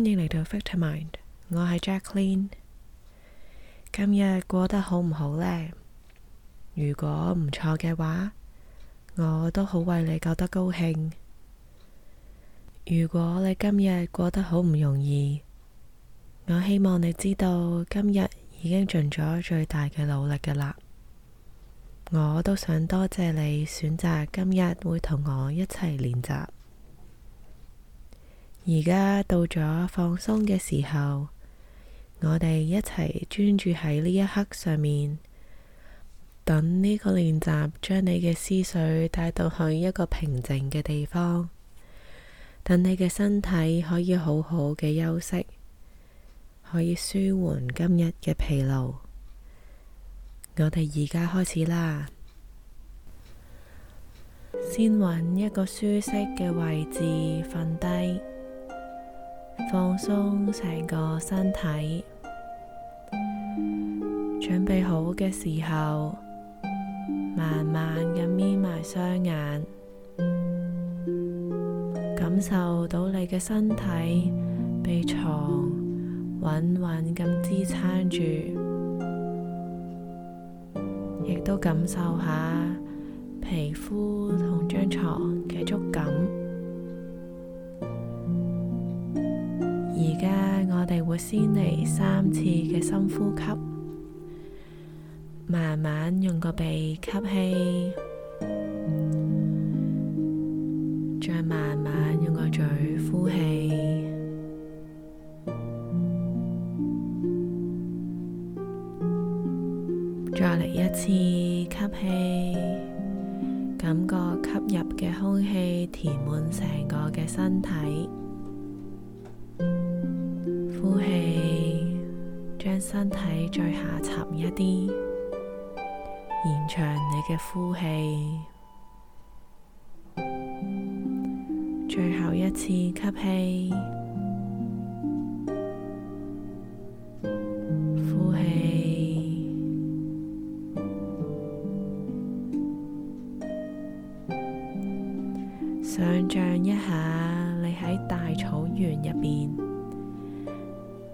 歡迎嚟到 Factor Mind，我係 Jaclyn。今日過得好唔好呢？如果唔錯嘅話，我都好為你覺得高興。如果你今日過得好唔容易，我希望你知道今日已經盡咗最大嘅努力噶啦。我都想多謝你選擇今日會同我一齊練習。而家到咗放鬆嘅時候，我哋一齊專注喺呢一刻上面，等呢個練習將你嘅思緒帶到去一個平靜嘅地方，等你嘅身體可以好好嘅休息，可以舒緩今日嘅疲勞。我哋而家開始啦，先揾一個舒適嘅位置瞓低。放鬆成個身體，準備好嘅時候，慢慢咁眯埋雙眼，感受到你嘅身體被床穩穩咁支撐住，亦都感受下皮膚同張床嘅觸感。而家我哋會先嚟三次嘅深呼吸，慢慢用個鼻吸氣，再慢慢用個嘴呼氣，再嚟一次吸氣，感覺吸入嘅空氣填滿成個嘅身體。呼氣，將身體再下沉一啲，延長你嘅呼氣，最後一次吸氣，呼氣，想象一下。喺大草原入邊，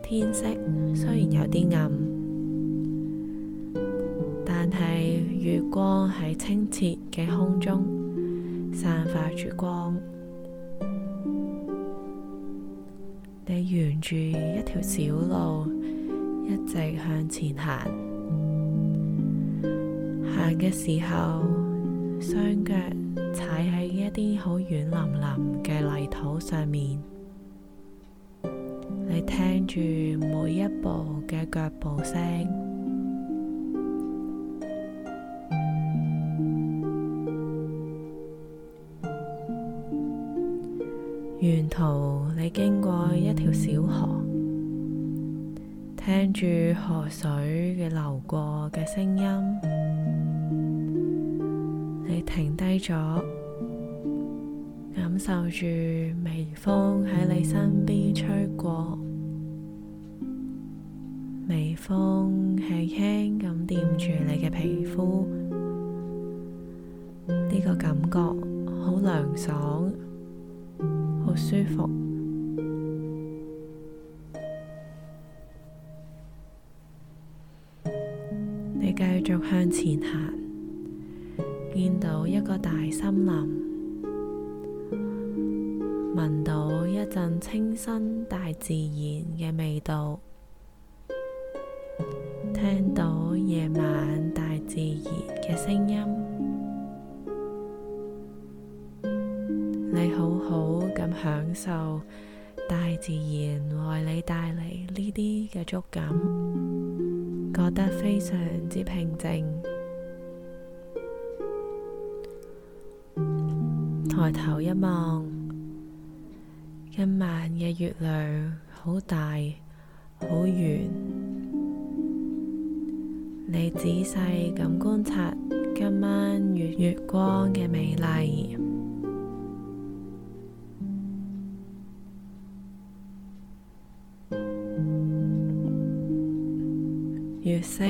天色雖然有啲暗，但係月光喺清澈嘅空中散發住光。你沿住一條小路一直向前行，行嘅時候。雙腳踩喺一啲好軟腍腍嘅泥土上面，你聽住每一步嘅腳步聲。沿途你經過一條小河，聽住河水嘅流過嘅聲音。停低咗，感受住微風喺你身邊吹過，微風輕輕咁掂住你嘅皮膚，呢個感覺好涼爽，好舒服。你繼續向前行。見到一個大森林，聞到一陣清新大自然嘅味道，聽到夜晚大自然嘅聲音，你好好咁享受大自然為你帶嚟呢啲嘅觸感，覺得非常之平靜。抬頭一望，今晚嘅月亮好大好圓。你仔細咁觀察今晚月月光嘅美麗，月色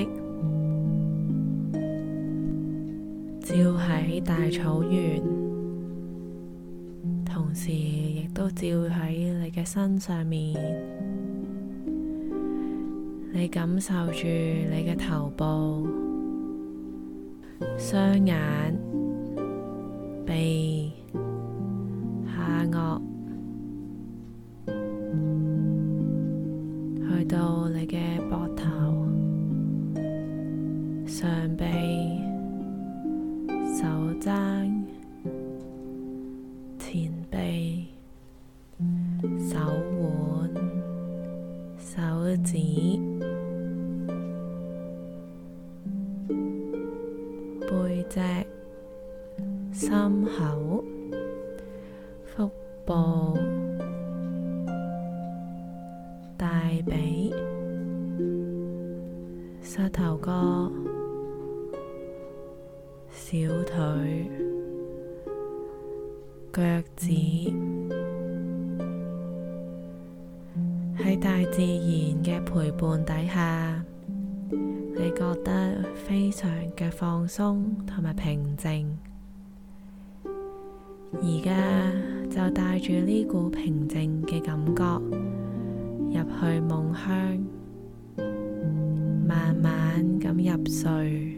照喺大草原。時亦都照喺你嘅身上面，你感受住你嘅頭部、雙眼、鼻、下顎，去到你嘅膊頭、上臂、手踭。手腕、手指、背脊、心口、腹部、大髀、膝頭哥、小腿、腳趾。大自然嘅陪伴底下，你覺得非常嘅放鬆同埋平靜。而家就帶住呢股平靜嘅感覺入去夢鄉，慢慢咁入睡。